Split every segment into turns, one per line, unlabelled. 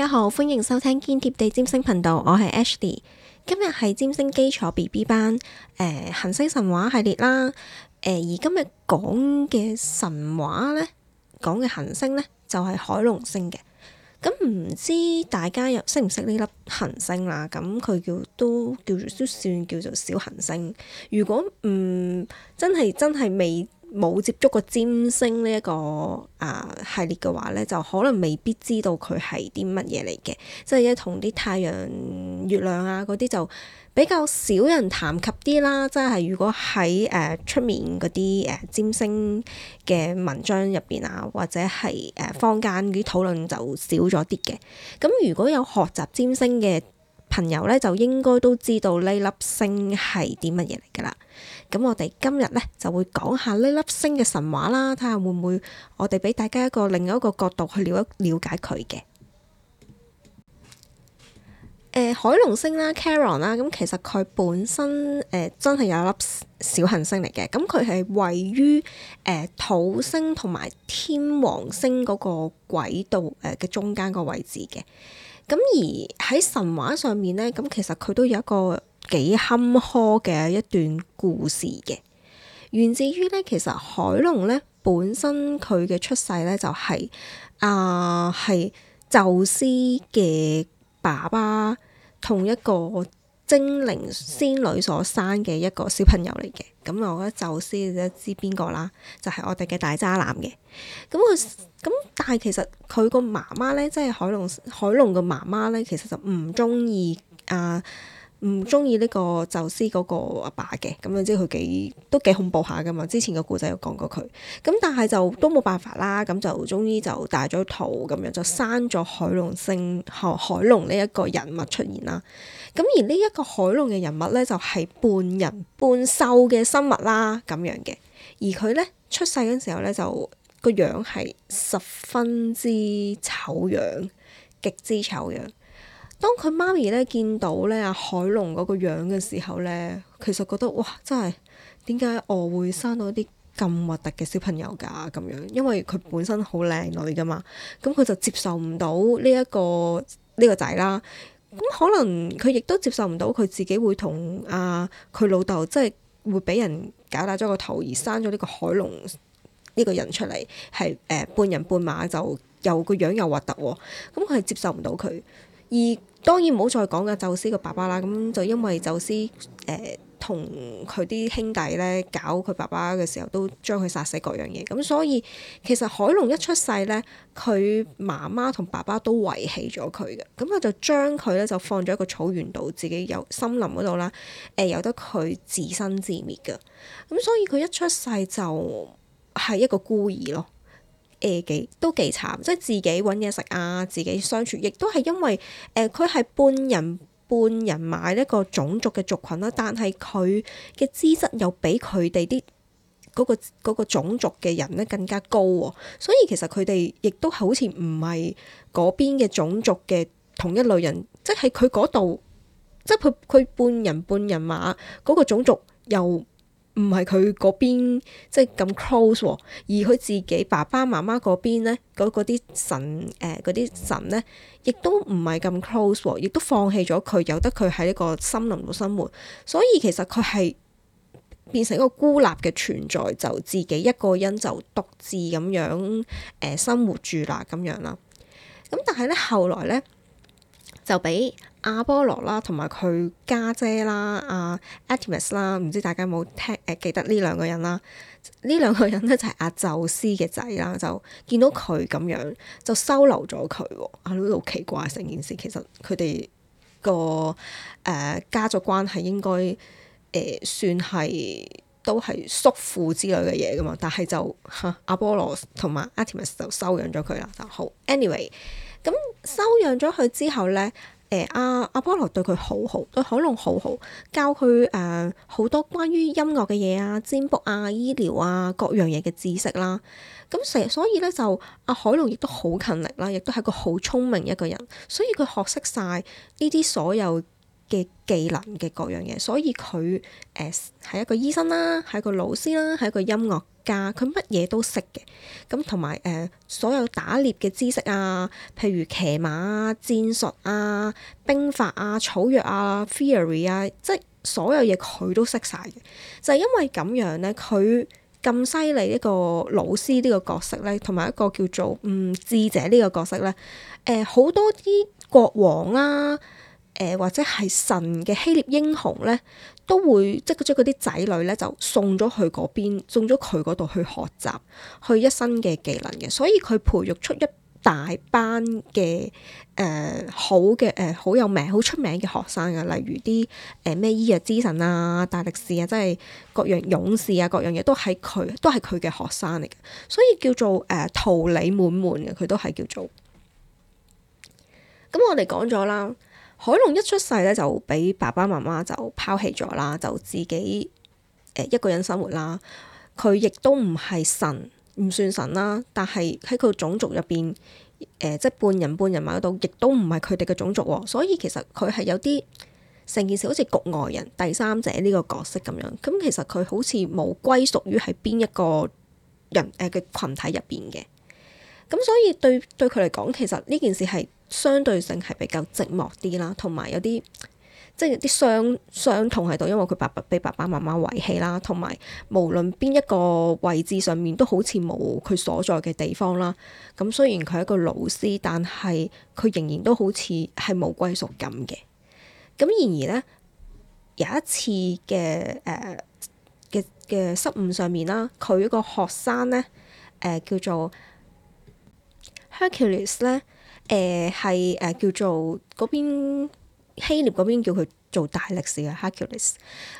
大家好，歡迎收聽堅貼地占星頻道，我係 Ashley，今日係占星基礎 B B 班誒、呃，行星神話系列啦，誒、呃、而今日講嘅神話咧，講嘅行星咧就係、是、凱龍星嘅，咁唔知大家有識唔識呢粒行星啦，咁佢叫都叫做都算叫做小行星，如果唔、嗯、真係真係未。冇接觸過占星呢一個啊系列嘅話咧，就可能未必知道佢係啲乜嘢嚟嘅，即係一同啲太陽、月亮啊嗰啲就比較少人談及啲啦。即係如果喺誒出面嗰啲誒占星嘅文章入邊啊，或者係誒坊間啲討論就少咗啲嘅。咁如果有學習占星嘅，朋友咧就應該都知道呢粒星係啲乜嘢嚟㗎啦，咁我哋今日咧就會講下呢粒星嘅神話啦，睇下會唔會我哋俾大家一個另一個角度去了了解佢嘅。誒、呃、凱龍星啦，Chiron 啦，咁其實佢本身誒、呃、真係有一粒小行星嚟嘅，咁佢係位於誒、呃、土星同埋天王星嗰個軌道誒嘅、呃、中間個位置嘅。咁而喺神話上面咧，咁其實佢都有一個幾坎坷嘅一段故事嘅，源自於咧，其實凱龍咧本身佢嘅出世咧就係啊係宙斯嘅爸爸同一個。精靈仙女所生嘅一個小朋友嚟嘅，咁我覺得宙斯你都知邊個啦，就係我哋嘅大渣男嘅，咁個咁但係其實佢個媽媽咧，即係凱龍，凱龍嘅媽媽咧，其實就唔中意啊。呃唔中意呢個宙斯嗰個阿爸嘅，咁樣即係佢幾都幾恐怖下噶嘛。之前嘅故仔有講過佢，咁但係就都冇辦法啦。咁就終於就大咗肚，咁樣就生咗凱龍星。凱龍呢一個人物出現啦。咁而呢一個凱龍嘅人物呢，就係、是、半人半獸嘅生物啦，咁樣嘅。而佢呢出世嗰陣時候呢，就個樣係十分之醜樣，極之醜樣。當佢媽咪咧見到咧阿海龍嗰個樣嘅時候咧，其實覺得哇，真係點解我會生到啲咁核突嘅小朋友噶咁樣？因為佢本身好靚女噶嘛，咁佢就接受唔到呢一個呢、呢個仔啦。咁可能佢亦都接受唔到佢自己會同阿佢老豆，即係會俾人搞大咗個頭而生咗呢個海龍呢個人出嚟，係誒、呃、半人半馬就，就又個樣又核突，咁佢係接受唔到佢。而當然唔好再講嘅宙斯嘅爸爸啦，咁就因為宙斯誒同佢啲兄弟咧搞佢爸爸嘅時候，都將佢殺死各樣嘢。咁所以其實海龍一出世咧，佢媽媽同爸爸都遺棄咗佢嘅，咁佢就將佢咧就放咗喺一個草原度，自己有森林嗰度啦，誒、呃、有得佢自生自滅嘅。咁所以佢一出世就係一個孤兒咯。誒，幾都幾慘，即係自己搵嘢食啊，自己相處，亦都係因為誒，佢、呃、係半人半人馬一個種族嘅族群啦，但係佢嘅資質又比佢哋啲嗰個嗰個種族嘅人咧更加高喎，所以其實佢哋亦都好似唔係嗰邊嘅種族嘅同一類人，即係佢嗰度，即係佢佢半人半人馬嗰個種族又。唔係佢，嗰邊即係咁 close，而佢自己爸爸媽媽嗰邊呢，嗰啲神誒、嗰啲神呢，亦都唔係咁 close，亦都放棄咗佢，由得佢喺呢個森林度生活，所以其實佢係變成一個孤立嘅存在，就自己一個人就獨自咁樣誒、呃、生活住啦，咁樣啦。咁但係呢，後來呢。就俾阿波羅啦，同埋佢家姐啦，阿、啊、Artemis 啦，唔知大家有冇聽誒、呃、記得呢兩個人啦？呢兩個人咧就係阿宙斯嘅仔啦，就見到佢咁樣就收留咗佢喎，我都好奇怪成件事。其實佢哋個誒家族關係應該誒、呃、算係都係叔父之類嘅嘢噶嘛，但係就吓阿波羅同埋 Artemis 就收養咗佢啦就好。Anyway。咁收養咗佢之後咧，誒阿阿波羅對佢好好，對凱龍好好，教佢誒好多關於音樂嘅嘢啊、占卜啊、醫療啊、各樣嘢嘅知識啦、啊。咁、嗯、成所以咧就阿、啊、凱龍亦都好勤力啦、啊，亦都係個好聰明一個人，所以佢學識晒呢啲所有嘅技能嘅各樣嘢，所以佢誒係一個醫生啦、啊，係一個老師啦、啊，係個音樂。佢乜嘢都識嘅，咁同埋誒，所有打獵嘅知識啊，譬如騎馬啊、戰術啊、兵法啊、草藥啊、theory 啊，即係所有嘢佢都識晒嘅。就係，因為咁樣呢，佢咁犀利呢個老師呢個角色呢，同埋一個叫做嗯智者呢個角色呢，誒、呃、好多啲國王啦、啊。誒或者係神嘅希臘英雄咧，都會即係將嗰啲仔女咧就送咗去嗰邊，送咗佢嗰度去學習，去一身嘅技能嘅，所以佢培育出一大班嘅誒、呃、好嘅誒、呃、好，好有名、好出名嘅學生嘅，例如啲誒咩醫藥之神啊、大力士啊，即係各樣勇士啊，各樣嘢都係佢都係佢嘅學生嚟嘅，所以叫做誒、呃、桃李滿滿嘅，佢都係叫做。咁我哋講咗啦。凱龍一出世咧，就俾爸爸媽媽就拋棄咗啦，就自己誒一個人生活啦。佢亦都唔係神，唔算神啦，但係喺佢個種族入邊，誒、呃、即係半人半人馬嗰度，亦都唔係佢哋嘅種族。所以其實佢係有啲成件事好似局外人、第三者呢個角色咁樣。咁其實佢好似冇歸屬於喺邊一個人誒嘅、呃、群體入邊嘅。咁所以對對佢嚟講，其實呢件事係。相對性係比較寂寞啲啦，同埋有啲即係啲傷傷痛喺度，因為佢爸爸俾爸爸媽媽遺棄啦，同埋無論邊一個位置上面都好似冇佢所在嘅地方啦。咁雖然佢係一個老師，但係佢仍然都好似係冇歸屬感嘅。咁然而呢，有一次嘅誒嘅嘅失誤上面啦，佢個學生呢誒、呃、叫做 Hercules 呢。誒係誒叫做嗰邊希臘嗰邊叫佢做大力士嘅 Hercules，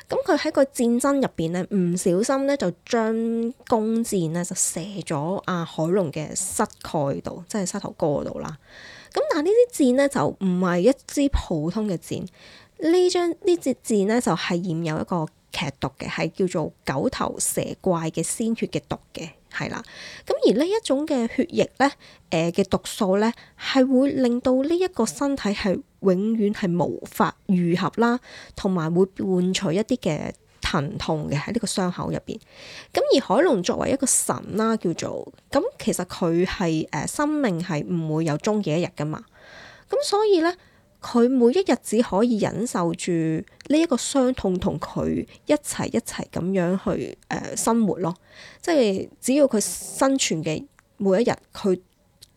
咁佢喺個戰爭入邊咧，唔小心咧就將弓箭咧就射咗阿凱龍嘅膝蓋度，即係膝頭哥嗰度啦。咁但係呢啲箭咧就唔係一支普通嘅箭，呢張呢支箭咧就係染有一個。劇毒嘅係叫做九頭蛇怪嘅鮮血嘅毒嘅係啦。咁而呢一種嘅血液咧，誒、呃、嘅毒素咧係會令到呢一個身體係永遠係無法愈合啦，同埋會換取一啲嘅疼痛嘅喺呢個傷口入邊。咁而凱龍作為一個神啦，叫做咁其實佢係誒生命係唔會有終結一日噶嘛，咁所以咧。佢每一日只可以忍受住呢一個傷痛，同佢一齊一齊咁樣去誒、呃、生活咯。即係只要佢生存嘅每一日，佢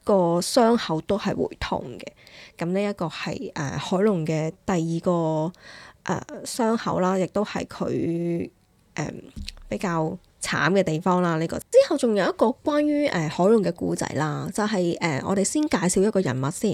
個傷口都係會痛嘅。咁呢一個係誒、呃、凱龍嘅第二個誒、呃、傷口啦，亦都係佢誒比較慘嘅地方啦。呢、這個之後仲有一個關於誒、呃、凱龍嘅故仔啦，就係、是、誒、呃、我哋先介紹一個人物先。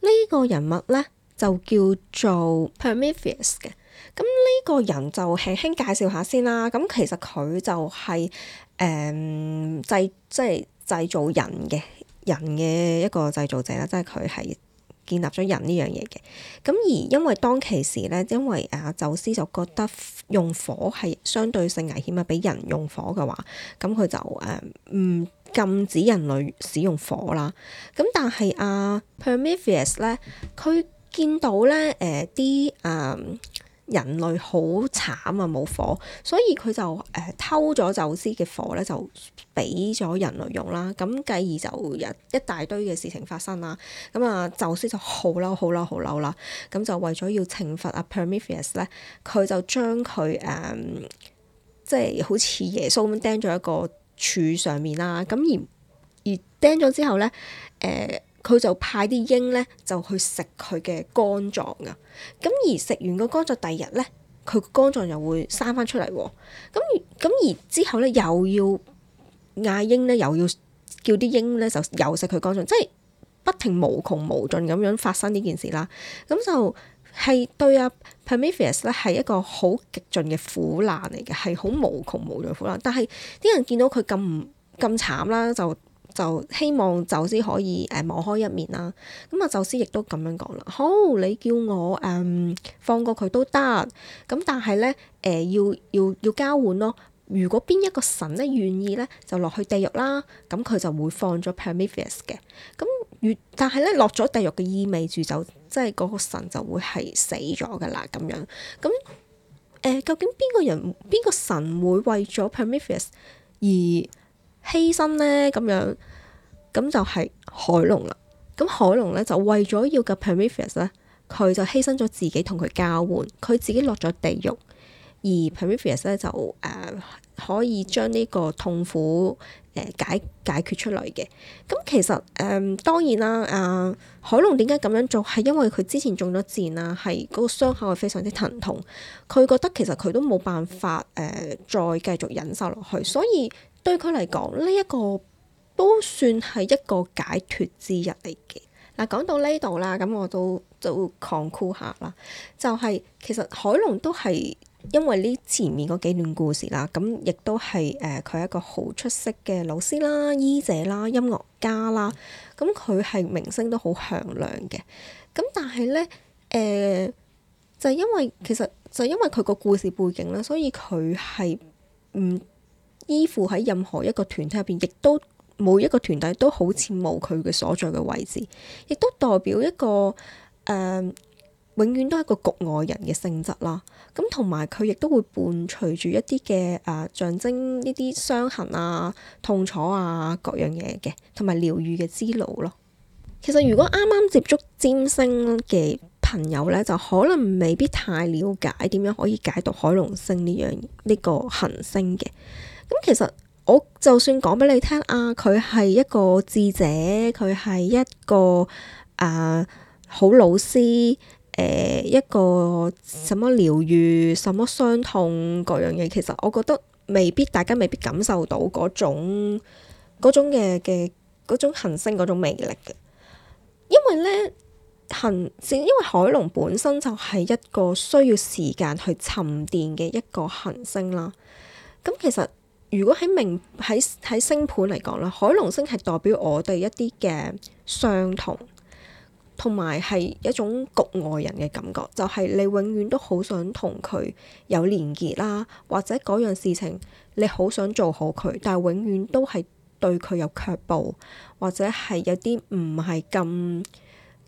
呢、這個人物咧，就叫做 Prometheus 嘅，咁、這、呢個人就輕輕介紹下先啦。咁其實佢就係誒製即係製造人嘅人嘅一個製造者啦，即係佢係建立咗人呢樣嘢嘅。咁而因為當其時咧，因為誒、啊、宙斯就覺得用火係相對性危險啊，俾人用火嘅話，咁佢就誒唔、嗯、禁止人類使用火啦。咁但係阿 Prometheus 咧，佢見到咧，誒啲誒人類好慘啊，冇火，所以佢就誒、呃、偷咗宙斯嘅火咧，就俾咗人類用啦。咁繼而就有一大堆嘅事情發生啦。咁啊，宙斯就好嬲、好嬲、好嬲啦。咁就為咗要懲罰阿 Prometheus 咧，佢、呃、就將佢誒即係好似耶穌咁釘咗一個柱上面啦。咁而而釘咗之後咧，誒、呃。佢就派啲鷹咧，就去食佢嘅肝臟啊！咁而食完個肝臟，第二日咧，佢個肝臟又會生翻出嚟喎。咁咁而之後咧，又要嗌鷹咧，又要叫啲鷹咧，就又食佢肝臟，即係不停無窮無盡咁樣發生呢件事啦。咁就係對啊，Prometheus 咧係一個好極盡嘅苦難嚟嘅，係好無窮無盡嘅苦難。但係啲人見到佢咁咁慘啦，就～就希望宙斯可以誒網、呃、開一面啦。咁啊，宙斯亦都咁樣講啦。好，你叫我誒、嗯、放過佢都得。咁但係咧誒，要要要交換咯。如果邊一個神咧願意咧，就落去地獄啦。咁佢就會放咗 Prometheus 嘅。咁越但係咧落咗地獄嘅意味住就即係嗰個神就會係死咗噶啦咁樣。咁、嗯呃、究竟邊個人邊個神會為咗 Prometheus 而？犧牲呢，咁樣咁就係凱龍啦。咁凱龍咧就為咗要救 Periphas 咧，佢就犧牲咗自己同佢交換，佢自己落咗地獄，而 Periphas 咧就誒、呃、可以將呢個痛苦誒、呃、解解決出嚟嘅。咁、嗯、其實誒、呃、當然啦，啊、呃、凱龍點解咁樣做係因為佢之前中咗箭啊，係嗰個傷口係非常之疼痛，佢覺得其實佢都冇辦法誒、呃、再繼續忍受落去，所以。對佢嚟講，呢一個都算係一個解脫之日嚟嘅。嗱、啊，講到呢度啦，咁我，我都都 conclude 下啦。就係、是、其實凱龍都係因為呢前面嗰幾段故事啦，咁亦都係誒佢一個好出色嘅老師啦、醫者啦、音樂家啦。咁佢係名聲都好響亮嘅。咁但係呢，誒、呃、就是、因為其實就因為佢個故事背景啦，所以佢係唔。依附喺任何一個團體入邊，亦都每一個團體都好似冇佢嘅所在嘅位置，亦都代表一個誒、呃、永遠都係一個局外人嘅性質啦。咁同埋佢亦都會伴隨住一啲嘅誒象徵呢啲傷痕啊、痛楚啊各樣嘢嘅，同埋療愈嘅之路咯。其實如果啱啱接觸占星嘅朋友呢，就可能未必太了解點樣可以解讀凱龍星呢樣呢個行星嘅。咁其實我就算講俾你聽啊，佢係一個智者，佢係一個啊、呃、好老師，誒、呃、一個什麼療愈、什麼傷痛各樣嘢。其實我覺得未必大家未必感受到嗰種嗰種嘅嘅嗰種行星嗰種魅力嘅，因為咧行星因為凱龍本身就係一個需要時間去沉澱嘅一個行星啦。咁其實。如果喺命喺喺星盤嚟講啦，凱龍星係代表我哋一啲嘅傷痛，同埋係一種局外人嘅感覺，就係、是、你永遠都好想同佢有連結啦，或者嗰樣事情你好想做好佢，但係永遠都係對佢有卻步，或者係有啲唔係咁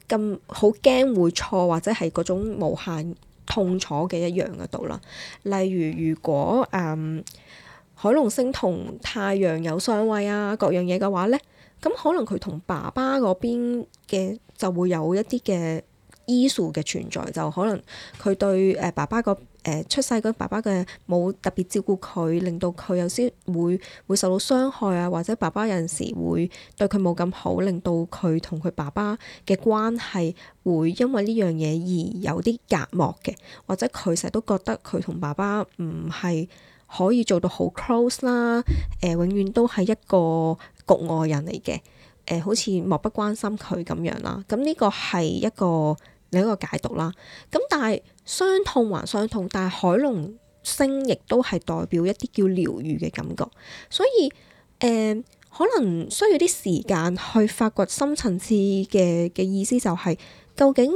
咁好驚會錯，或者係嗰種無限痛楚嘅一樣嗰度啦。例如，如果誒。嗯凱龍星同太陽有相位啊，各樣嘢嘅話呢，咁可能佢同爸爸嗰邊嘅就會有一啲嘅 issue 嘅存在，就係、可能佢對爸爸個出世個爸爸嘅冇特別照顧佢，令到佢有時會會受到傷害啊，或者爸爸有陣時會對佢冇咁好，令到佢同佢爸爸嘅關係會因為呢樣嘢而有啲隔膜嘅，或者佢成日都覺得佢同爸爸唔係。可以做到好 close 啦，永遠都係一個局外人嚟嘅、呃，好似漠不關心佢咁樣啦。咁呢個係一個另一個解讀啦。咁但係傷痛還傷痛，但係凱龍星亦都係代表一啲叫療愈嘅感覺，所以誒、呃、可能需要啲時間去發掘深層次嘅嘅意思、就是，就係究竟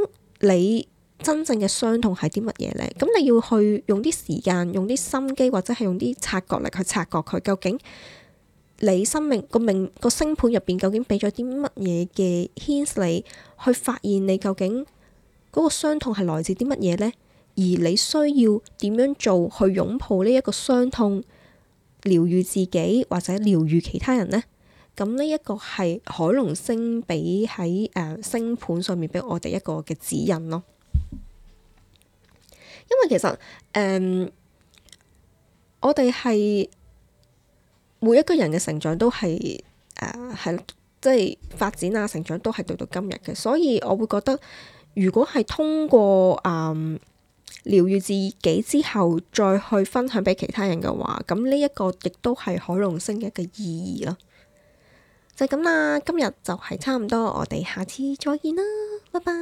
你真正嘅傷痛係啲乜嘢呢？咁你要去用啲時間、用啲心機，或者係用啲察覺力去察覺佢，究竟你生命個命個星盤入邊究竟俾咗啲乜嘢嘅 hints，你去發現你究竟嗰個傷痛係來自啲乜嘢呢？而你需要點樣做去擁抱呢一個傷痛，療愈自己或者療愈其他人呢？咁呢一個係凱龍星俾喺誒星盤上面俾我哋一個嘅指引咯。因為其實誒、嗯，我哋係每一個人嘅成長都係誒係，即係發展啊成長都係到到今日嘅，所以我會覺得如果係通過誒療愈自己之後再去分享俾其他人嘅話，咁呢一個亦都係凱龍星嘅一個意義咯。就係咁啦，今日就係差唔多，我哋下次再見啦，拜拜。